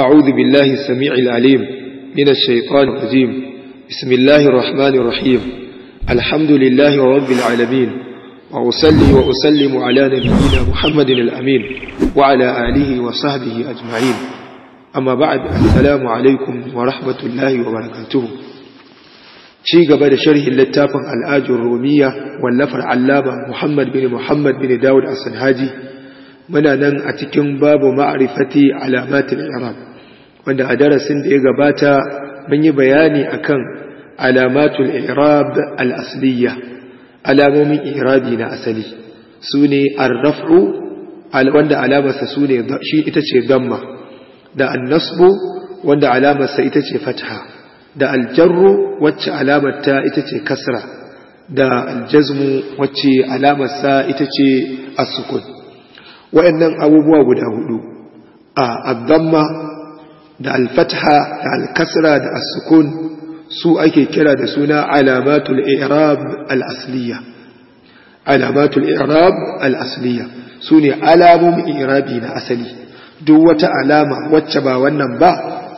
أعوذ بالله السميع العليم من الشيطان الرجيم بسم الله الرحمن الرحيم الحمد لله رب العالمين وأصلي وأسلم على نبينا محمد الأمين وعلى آله وصحبه أجمعين أما بعد السلام عليكم ورحمة الله وبركاته شيء قبل شره اللتاف الآج الرومية واللفر علامة محمد بن محمد بن داود السنهاجي muna nan a cikin babu ma'arifati alamatul wanda a darasin da ya gabata mun yi bayani akan alamatul i'rab al-asliyya alamomin i'rabi na asali su ne rafu wanda alamarsa sune shi ita ce Gamma, da an wanda alamarsa ita ce fatha da aljarru wacce alamarta ita ce kasra da Aljazmu wacce alamarsa ita ce as-sukun abubuwa guda hudu a ad da alfatha da alkasra da asukun su ake kira da suna alamatul i'rab al-asliya alamatul i'rab al-asliya sune alamun i'rabi na asali duk wata alama wacce ba wannan ba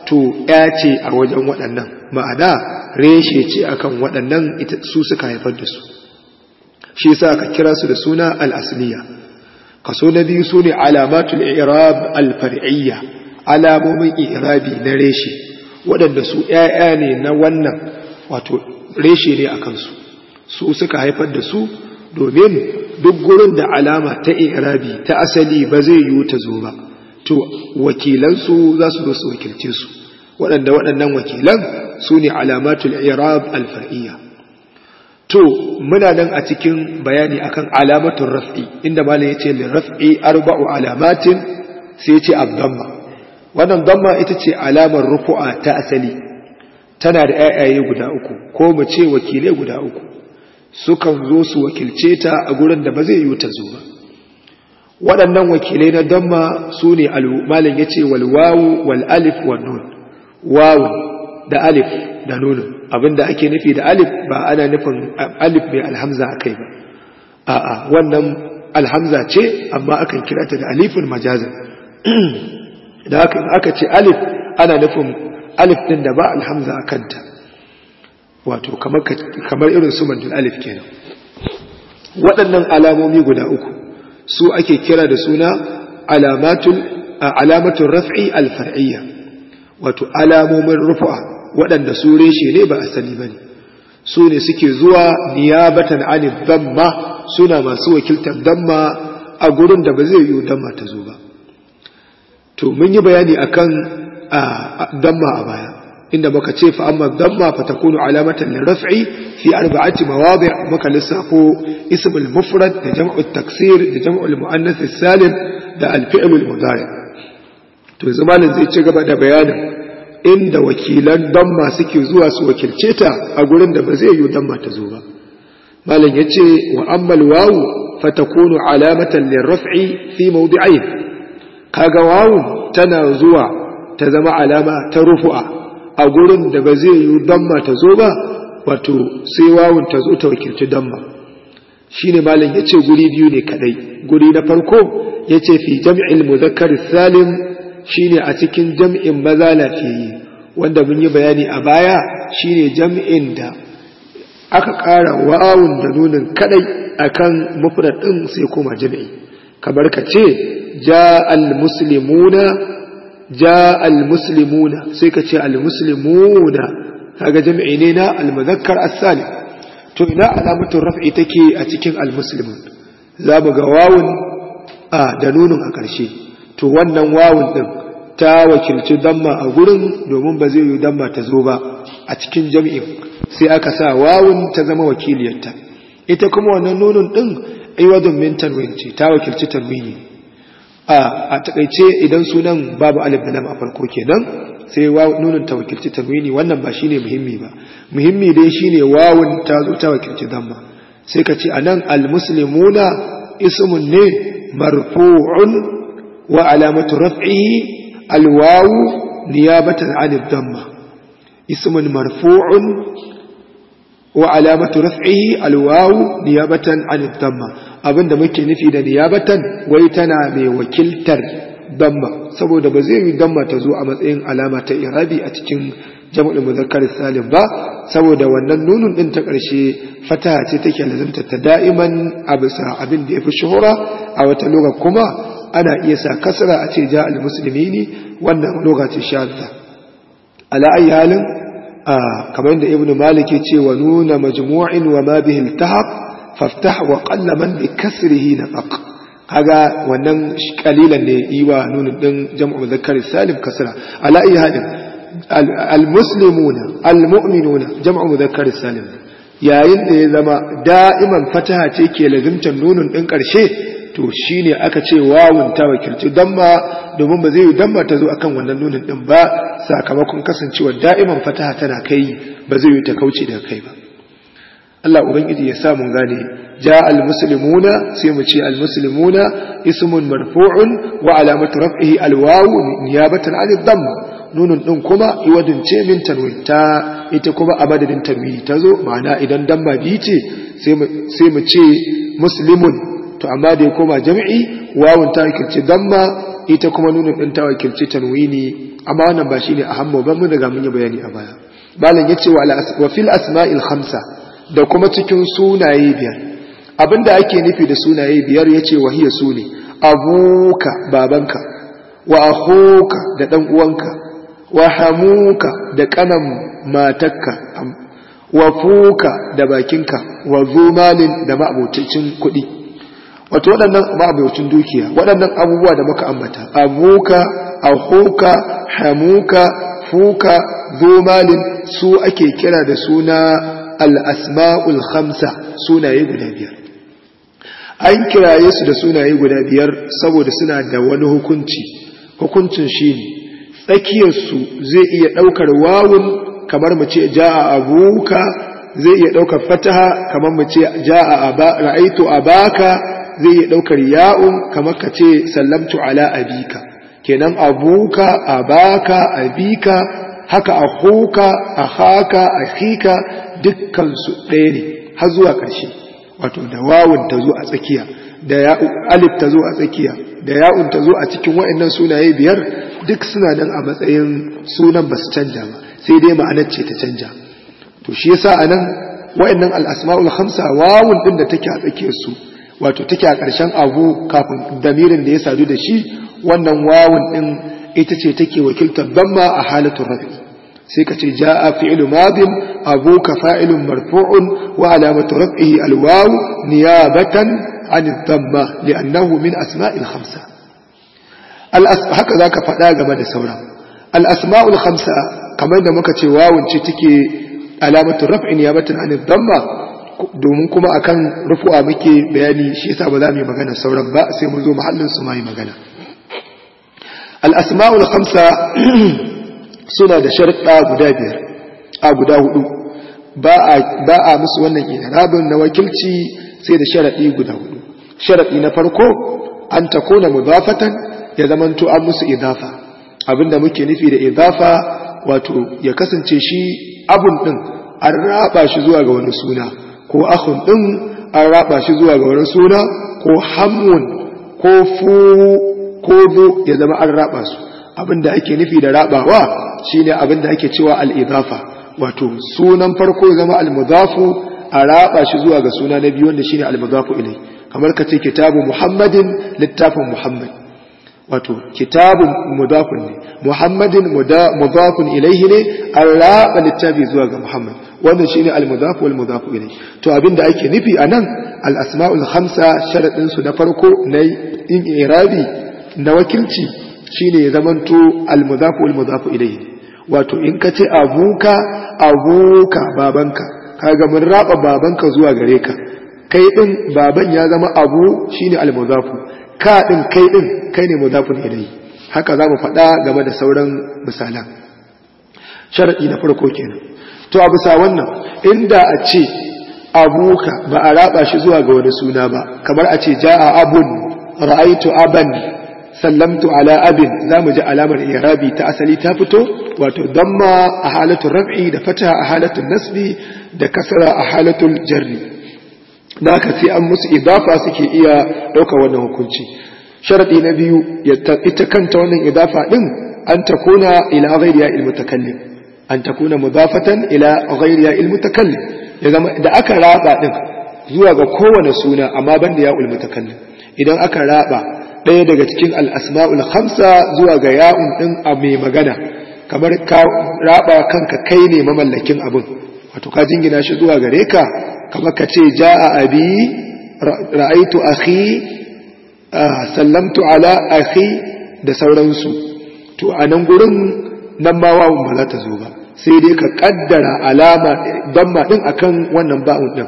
to ya ce a wajen waɗannan ma'ana reshe ce akan waɗannan ita su suka haifar da su shi yasa aka kira su da suna al-asliya kaso na biyu sune alamatul i'rab al-far'iyya alamomin irabi na reshe waɗanda su ‘ya'ya ne na wannan wato reshe ne a kansu su suka haifar da su domin duk gurin da alama ta irabi ta asali ba zai yi ta zo ba to wakilansu za su zo su su waɗanda waɗannan wakilan su ne alamatul irab alfar'iyya to muna nan a cikin bayani akan alamatun raf'i inda malam yace ce raf'i arba'u alamatin sai yace abdamma wannan damma ita ce alamar ruku'a ta asali tana da ayaye guda uku ko mu ce wakile guda uku sukan zo su wakilce ta a gurin da ba zai yi ta zo ba waɗannan wakilai na damma su ne malin ya ce walwawu wal'alif nun, wawu da alif da nun abinda ake nufi da alif ba ana nufin alif mai alhamza a kai ba a'a wannan alhamza ce amma akan kira ta da alifin majazin da haka in aka ce alif ana nufin alif din da ba alhamza a kanta wato kamar irin su mandul alif kenan waɗannan alamomi guda uku su ake kira da suna alamatun raf'i alfar'iyya wato alamomin rufa waɗanda su reshe ne ba asali ba ne su ne suke zuwa niyabatan alif damma suna masu wakiltar damma a gurin da ba zai yiwu damma ta zo ba to mun yi bayani akan damma a baya inda muka ce fa amma damma fa takunu alamatan liraf'i fi arba'ati mawadi' muka lissafo ism al-mufrad da jam'u at-taksir da jam'u al-muannath salim da al-fi'l al-mudari to yanzu malam zai ci gaba da bayanin inda wakilan damma suke zuwa su wakilce ta a gurin da ba zai yi damma ta zo ba malam yace wa amma al-wawu fa takunu alamatan liraf'i fi mawdi'ayn kaga wawu tana zuwa ta zama alama ta rufu'a a gurin da ba zai yi damma ta zo ba wato sai wawun ta zo ta wakilci damma Shi ne malin ya ce guri biyu ne kadai guri na farko ya ce fi jam'in muzakkar salim shi ne a cikin jam'in maza lafiyi wanda mun yi bayani a baya shi ne jam'in da aka ƙara wawun da nunin kadai akan mufrad din sai kuma jam'i kamar ka ce ja al-muslimuna ja al-muslimuna sai ka ce al-muslimuna kaga jami'i ne na al-muzakkar to ina alamatu raf'i take a cikin al-muslimun za mu ga wawun a da nunun a ƙarshe to wannan wawun din ta wakilci damma a gurin domin ba zai yi damma ta zo ba a cikin jami'in sai aka sa wawun ta zama wakiliyarta ita kuma wannan nunun din aiwadun min tanwin ce ta wakilci tanwini a takaice idan sunan babu alif da lam a farko kenan sai wawu nunin ta wakilci tanwini wannan ba shine muhimmi ba muhimmi dai shine wawun ta zo ta wakilci damma sai ka ce anan almuslimuna ismun ne marfu'un wa alamatu raf'ihi alwawu niyabatan an damma ismun marfu'un wa alamatu raf'ihi alwawu niyabatan an damma abin da muke nufi da niyabatan wai tana mai wakiltar damma saboda ba zai yi damma ta zo a matsayin alama ta irabi a cikin jam'ul muzakkar salim ba saboda wannan nunin din ta ƙarshe fataha ce take lazanta ta da'iman a bisa abin da ya fi shuhura a wata loga kuma ana iya sa kasra a ce ja Musulmi ne wannan loga ce shadda ala ayi halin kamar da ibnu malik ya ce wa nuna majmu'in wa ma bihi iltahaq Faftaha wa qalla man bi kasrihi nataq kaga wannan Kalila ne yiwa nunin din jam'u muzakkar salim kasra ala ayi hadin al muslimuna al mu'minuna jam'u muzakkar salim yayin da ya zama da'iman fataha ce ke lazimtan nunin din karshe to shine aka ce wawun ta wakilci dan ma domin ba zai dan ma ta zo akan wannan nunin ɗin ba sakamakon kasancewar da'iman fataha tana kai ba zai ta kauce daga kai ba Allah ubangiji ya sa mun gane ja al-musulmuna, sai mu ce almuslimuna ismun marfu'un wa alamatu raf'ihi alwawu niyabatan 'anil dhamm nunun din kuma ce min tanwin ta ita kuma a madadin tanwini zo ma'ana idan damma biyu ce sai mu ce muslimun to amma da ya koma jami'i wawun ta wakilci damma ita kuma nunun din ta wakilci tanwini amma wannan ba shine ahammu ba mun daga mun yi bayani a baya malam yace wa fil asma'il khamsa da kuma cikin sunaye biyar abinda ake nufi da sunaye biyar yace wahiya sune abuka babanka wa ahuka da dan uwanka wa hamuka da kanan matakka wa fuka da bakinka wa zumalin da ma'abucin kuɗi wato waɗannan ma'abucin dukiya waɗannan abubuwa da muka ambata abuka ahuka hamuka fuka zumalin su ake kira da suna al-asma'ul khamsa sunaye guda biyar an kiraye su da sunaye guda biyar saboda suna da wani hukunci hukuncin shine tsakiyarsu zai iya ɗaukar wawun kamar mu ce a abuka zai iya ɗaukar fataha kamar mu ce jaa aba ra'aitu abaka zai iya ɗaukar ya'un kamar ka ce sallamtu ala abika kenan abuka abaka abika haka a haka a akhika dukkansu ɗaya ne har zuwa ƙarshe wato da wawun ta zo a tsakiya da alif ta zo a tsakiya da ya'un ta zo a cikin wa'annan sunaye biyar duk suna nan a matsayin sunan ba su canja ba sai dai ma'anar ce ta canja to shi yasa a nan waɗannan al'asma'ul hamsa wawun ɗin da take a tsakiya su, wato take a ƙarshen abu kafin damirin da ya sadu da shi wannan wawun ɗin ita ce take wakiltar damma a halatun rafi sai ka ce jaa fi'lu madin abuka fa'ilun marfu'un wa alamatu rafi alwawu niyabatan an dhamma li'annahu min asma'il khamsa haka zaka faɗa game da sauran Al'asma'ul hamsa kamar da muka ce wawun ce take alamatu raf'in niyabatan an dhamma domin kuma akan rufu'a muke bayani shi yasa ba za mu yi magana sauran ba sai mu zo mahallin su ma yi magana al asma'ul suna da sharɗa guda biyar a guda hudu ba a musu wannan irabin na wakilci sai da sharaɗi guda hudu sharaɗi na farko an ta kona mudafatan ya zamanto an musu idafa abinda muke nufi da idafa wato ya kasance shi abun ɗin an raba shi zuwa ga wani suna ko ahun ɗin an raba shi zuwa ga wani suna ko hamun ko fu ko bu ya zama an raba su abinda ake nufi da rabawa shine abin da ake cewa al'idafa, wato sunan farko ya zama al muzafu a raba shi zuwa ga suna na biyu wanda shi ne al muzafu ilai kamar ka ce kitabu muhammadin littafin muhammad wato kitabun muzafun ne muhammadin muzafun ilaihi ne a raba littafi zuwa ga muhammad wannan ne al muzafu wal muzafu ilai to abinda ake nufi anan al-asma'ul Hamsa sharaɗinsu na farko na in irabi na wakilci shi shine zamanto al muzafu wal muzafu ilaihi wato in ka ce abuka abuka babanka kaga mun raba babanka zuwa gare ka kai din baban ya zama abu shine almuzafu ka din kai din kai ne muzafun ilai haka zamu faɗa game da sauran misalan sharadi na farko kenan to a bisa wannan inda a ce abuka ba a raba shi zuwa ga wani suna ba kamar a ce jaa abun ra'aitu aban sallamtu ala abin za mu ji alamar irabi ta asali ta fito wato damma a halatun rab'i da fata a halatun nasbi da kasara a halatun jarri da aka sai an musu idafa suke iya ɗaukar wannan hukunci sharaɗi na biyu ita kanta wannan idafa ɗin an ta kuna ila ghairiya ilmutakallim an ta kuna mudafatan ila ghairiya ilmutakallim ya zama da aka raba ɗin zuwa ga kowane suna amma banda ya ulmutakallim idan aka raba ɗaya daga cikin al'asma'ul hamsa zuwa ga ya'un ɗin a mai magana kamar ka raɓa kanka kai ne mamallakin abin wato ka jingina shi zuwa gare ka kamar ka ce ja a abi ra'aitu akhi ah, sallamtu ala akhi da sauransu to a nan gurin nan ma ba za ta zo ba sai dai ka ƙaddara alama damma ɗin akan wannan ba'un ɗin,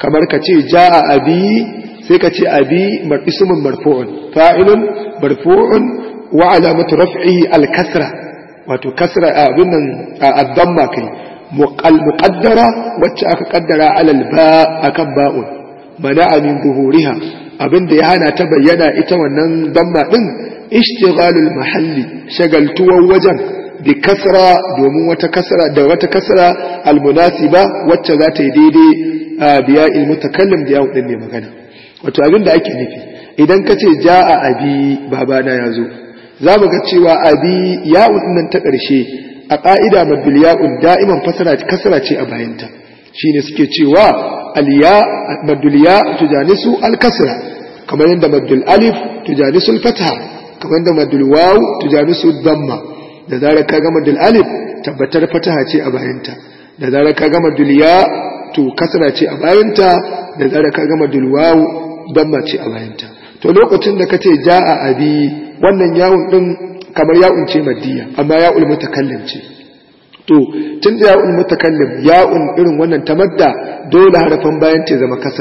kamar ka ce ja a abi sai ka ce abi ismun marfu'un fa'ilun marfu'un wa alamatu raf'ihi al-kasra wato kasra abin nan ad-damma kai muqaddara wacce aka kaddara alal ba akan ba'un mana'a min zuhuriha abinda ya hana ta bayyana ita wannan damma din ishtighalul mahalli shagaltuwar wajen bi kasra domin wata kasra da wata kasra almunasiba wacce za ta yi daidai biya ilmutakallim da yawon din ne magana wato abin da ake nufi idan ka ce ja a abi babana ya zo za mu ga cewa abi ya'un nan ta ƙarshe a ƙa'ida mabil ya'un da'iman kasara ce a bayanta Shi ne suke cewa aliya mabil ya tujanisu alkasara kamar yadda mabil alif tujanisu alfata kamar yadda mabil waw tujanisu damma da zarar ka ga mabil alif tabbatar fataha ce a bayanta da zarar ka ga mabil ya to kasara ce a bayanta da zarar ka ga mabil wawu don mace a bayanta to lokacin da ka ce ja a abi wannan yawun din kamar yawon ce amma yawon matakallin ce to tun da yawon matakallin ya'un irin wannan da dole harafin bayan ta zama ke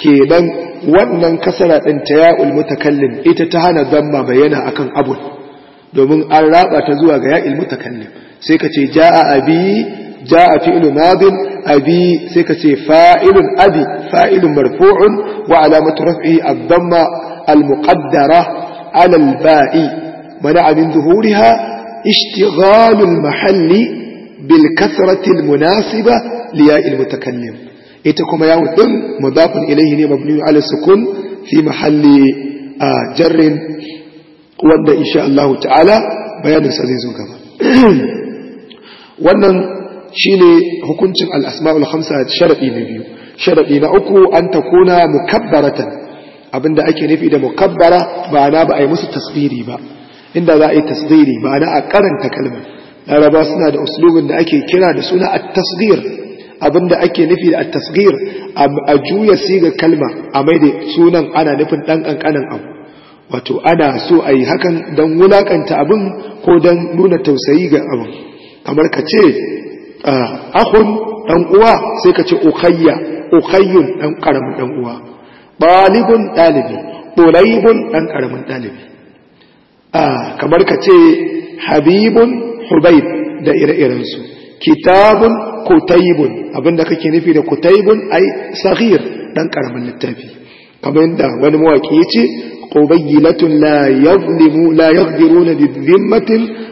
kenan wannan kasara din ta yawon matakallin ita ta hana zamma bayyana akan abun domin an raba ta zuwa ga yawon matakallin sai kace a abi fi ilu madin abi sai ka ce fa'ilun abi fa'ilun marfu'un wa alamatu raf'i ad al-muqaddara alal al-ba'i mana abin zuhuriha ishtighalu al-mahalli bil kathrati munasiba li mutakallim ita kuma ya din mazafin ilayhi ne mabni ala sukun fi mahalli jarrin wanda insha Allah ta'ala bayanin sa zai zo gaba wannan shine hukuncin al'asma'ul hamsa sharaɗi sharadi na biyu sharaɗi na uku an takuna mukabbaratan abinda ake nufi da mukabbara ba na ba a yi musu tasbiri ba inda za a yi tasdiri ba na a karanta kalmar laraba suna da uslubin da ake kira da suna a tasdir abinda ake nufi da a tasgir a juya siga kalma a mai da sunan ana nufin ɗan ƙanƙanin abu wato ana so a yi hakan don wulakanta abin ko don nuna tausayi ga abin kamar ka ce Ah, akhun dan uwa sai ka ce ukhayya ukhayyun dan karamin dan uwa balibun dalibi qulaybun dan karamin dalibi ah, kamar ka ce habibun hubayb da ire-iren su kitabun kutaybun abinda kake nufi da kutaybun ai saghir dan karamin littafi kamar yadda wani mawaki ya ce قبيلة la يظلم لا يقدرون بذمة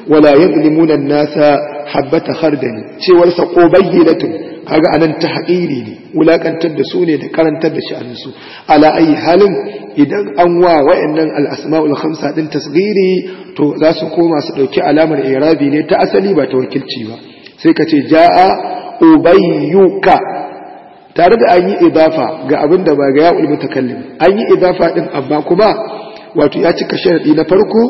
ولا يظلمون nasa. habbata ni cewar sa qobayyilatun kaga anan haƙiri ne wulakantar da su ne da karantar da sha'anin su ala ayi halin idan an wa wayannan al'asma'ul asmaul khamsa tasgiri to za su koma su dauki alamar i'rabi ne ta asali ba ta wakilci ba sai ka ce jaa ubayyuka tare da an yi idafa ga abin da ba ga ya'ul mutakallim an yi idafa ɗin amma kuma wato ya cika sharadi na farko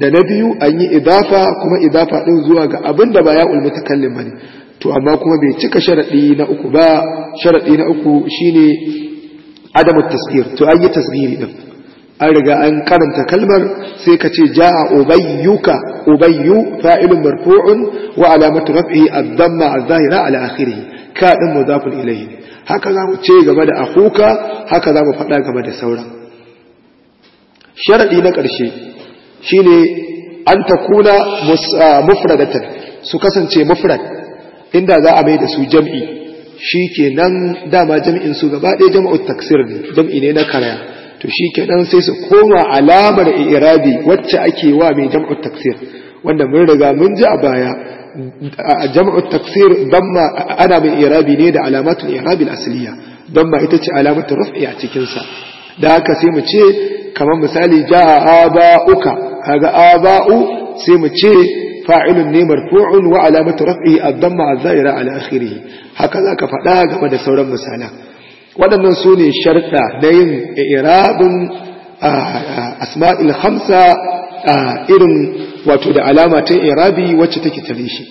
da na biyu an yi idafa kuma idafa ɗin zuwa ga abin da ba ya kallin bane to amma kuma bai cika sharaɗi na uku ba sharaɗi na uku shine adamu tasbir to an yi tasghiri ɗin, an riga an karanta kalmar sai ka ce ja a ubayyuka ubayyu fa'ilun marfu'un wa alamatu raf'i ad-damma az-zahira ala akhirih ka din mudafun ilayhi haka za mu ce game da akuka haka za mu faɗa game da sauran sharaɗi na ƙarshe shine an takuna ah, mufradatan su kasance mufrad inda za a mai da su jam'i shi shikenan dama jam'in su gaba ɗaya jam'u taksir ne jam'i ne na karaya to shi nan sai su koma alamar i'rabi wacce ake wa mai jam'u taksir wanda mun riga mun ji a baya jam'u taksir damma ana mai i'rabi ne da alamatun i'rabil asliya damma ita ce alamatul raf'i a cikinsa da haka sai mu ce kamar misali ja'a aba'uka kaga aba'u sai mu ce fa'ilun ne marfu'un wa alamatu raf'i ad-damma az-zahira ala akhirih haka zaka faɗa game da sauran misalan waɗannan sune sharta sharɗa da yin i'rabun asma'il khamsa irin wato da alama ta i'rabi wacce take tare shi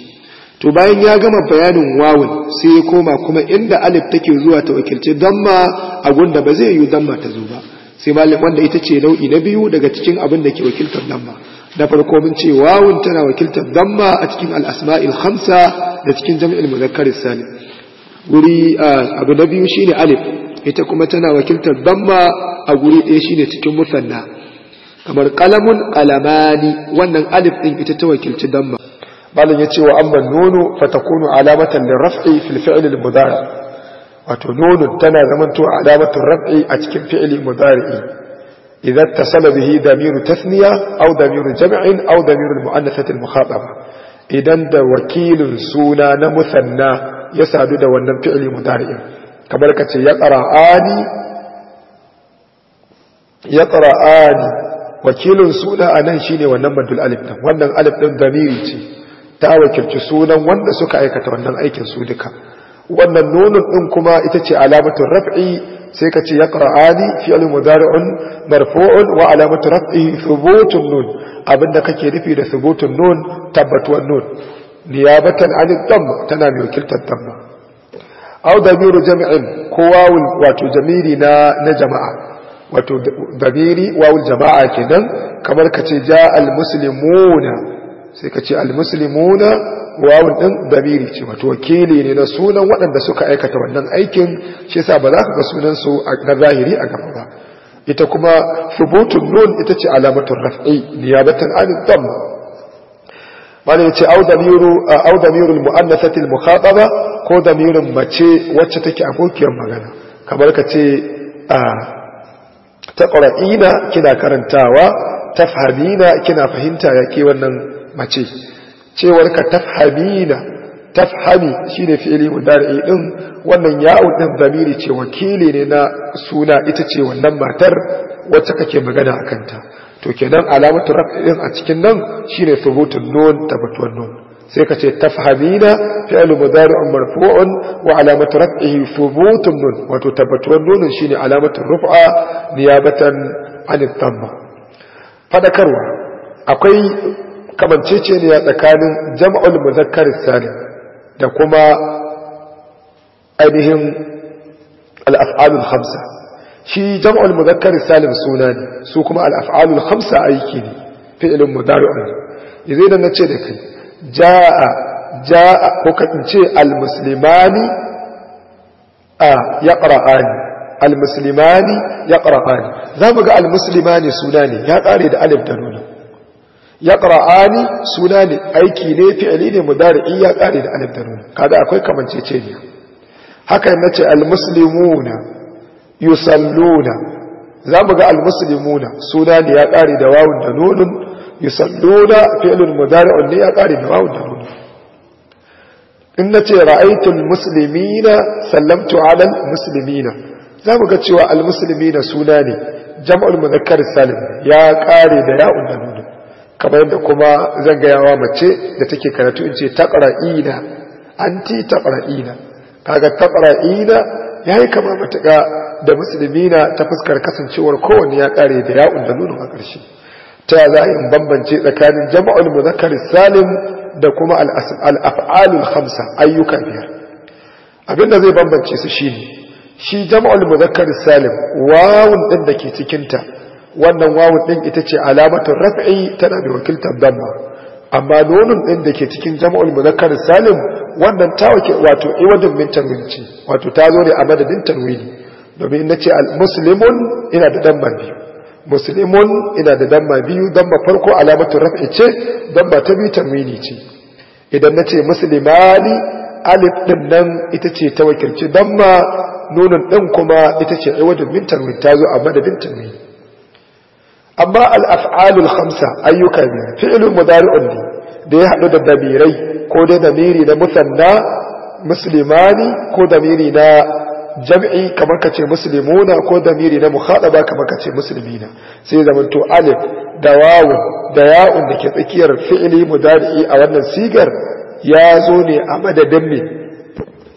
to bayan ya gama bayanin wawun sai ya koma kuma inda alif take zuwa ta wakilci damma a gunda ba zai yi damma ta zo ba sai malik wanda ita ce nau'i na biyu daga cikin abin da ke wakiltar damma na farko mun ce wawun tana wakiltar damma a cikin Al'asma'il Hamsa da cikin jam'il muzakkar Sani. guri abu na biyu shine alif ita kuma tana wakiltar damma a guri ɗaya shine cikin musanna kamar kalamun qalamani wannan alif din ita ta wakilci damma malam ya ce wa Amman nono fatakunu alamatan da fil fi'l al wato nunun tana zamanto alamatu raf'i a cikin fi'li mudari'i idan ta tasala bihi damiru tasniya aw damiru jam'in aw damiru muannathati al-mukhataba idan da wakilin suna na musanna ya sadu da wannan fi'li mudari'in kamar kace ya qara'ani ya qara'ani wakilin suna anan shine wannan madul alif din wannan alif din damiri ce ta wakilci sunan wanda suka aikata wannan aikin su duka wannan nunin din kuma ita ce alamatu raf'i sai ka ce yaqra'ani fi'l mudari'un marfu'un wa alamatu raf'i thubutun nun abinda kake nufi da thubutun nun tabbatuwan nun niyabatan an damma tana mai wakiltar damma aw damiru jam'in ko wawul wato jamiri na na jama'a wato damiri wawul jama'a kenan kamar ka ce ja al muslimuna sai ka ce al muslimuna wawun ɗin damiri ce wato wakili ne na sunan waɗanda suka aikata wannan aikin shi sa ba za ka ga sunansu na zahiri a gaba ba ita kuma subutun nun ita ce alamatun raf'i niyabatan an dhamma bane yace au damiru au damirul muannathati al ko damirin mace wacce take abokiyar magana kamar ka ce ta qura'ina kina karantawa tafhamina kina fahimta yake wannan mace cewar ka tafhamina tafhami shine fi'ili mudari din wannan ya'u din zamiri ce wakili ne na suna ita ce wannan matar wacce kake magana a kanta to kenan alamatu raf'i din a cikin nan shine thubutun nun tabbatuwan nun sai ka ce tafhamina fi'il mudari'un marfu'un wa alamatu raf'ihi thubutun nun wato tabbatuwan nun shine alamatu rufa niyabatan an tamma fadakarwa akwai ya tsakanin jama'ul muzakkar salim da kuma ainihin al'af'alul hamsa shi jama'ul muzakkar salim suna ne su kuma al'af'alul hamsa aiki ne fi'ilin mudaru'an yi idan na ce da kai ja'a ja'a ko ka ce al musulmani a ya ƙara'ani al musulmani ya ƙara'ani za mu ga al musulmani suna ne ya ƙare da alif da nuna ya ƙara'ani suna ne aiki ne fi'ali ne mudari'i ya ƙare da alif da nuna kada akwai kamanceceniya haka yana ce almuslimuna yusalluna za mu ga almuslimuna suna ne ya ƙare da wawun da nunun yusalluna fi'alin mudari'un ne ya ƙare da wawun da nunun in na ce ra'aitun musulmina sallamtu alal musulmina za ga cewa almusulmina suna ne jam'ul muzakkar salim ya ƙare da ya'un da nunun kamar yadda kuma zan wa mace da take karatu in ce ti anti ina kaga ya yi kama matuƙa da musulmi na ta fuskar kasancewar kowane ya kare da ya'un da nuna a ƙarshe ta ya za in bambance tsakanin jama'ul muzakkar salim da kuma al-af'alul ayyuka biyar abinda zai bambance su shine shi jama'ul muzakkar salim wawun ɗin da ke cikinta. wannan wawu din ita ce alamatu raf'i tana da wakiltar damma amma nonon din da ke cikin jama'ul muzakkar salim wannan ta wake wato iwadin eh, min tanwinci wato ta zo ne a madadin tanwini domin ina ce al-muslimun ina da damma biyu muslimun ina da damma biyu damma farko alamatu raf'i ce damma ta biyu tanwini ce idan na ce muslimani alif din nan ita ce ta wakilci damma nonon din kuma ita ce iwadin eh, min tanwin ta zo a madadin tanwini amma al'af'alul hamsa ayyuka ne fi'ilun mudari'un ne da ya haɗu da damirai ko da damiri na musanna musulmani ko damiri na jam'i kamar ka ce musulmuna ko damiri na muhaɗaba kamar ka ce musulmina sai zama to alif da wawun da da ke tsakiyar fi'ili mudari'i a wannan sigar ya zo ne a madadin min.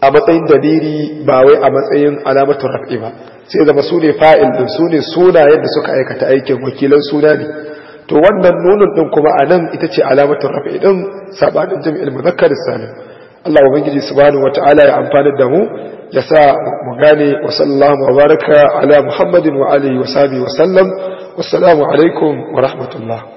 a matsayin damiri ba wai a matsayin alamatun raf'i ba sai zama su ne fa'il ɗin su ne sunayen da suka aikata aikin wakilan suna ne to wannan nunin ɗin kuma a nan ita ce alamatun raf'i ɗin saɓanin jami'il muzakkar salim Allah bani wa ta'ala ya amfani da mu ya sa mu gane wa sallallahu wa baraka ala muhammadin wa alihi wa sahbihi wa sallam wassalamu alaikum wa rahmatullah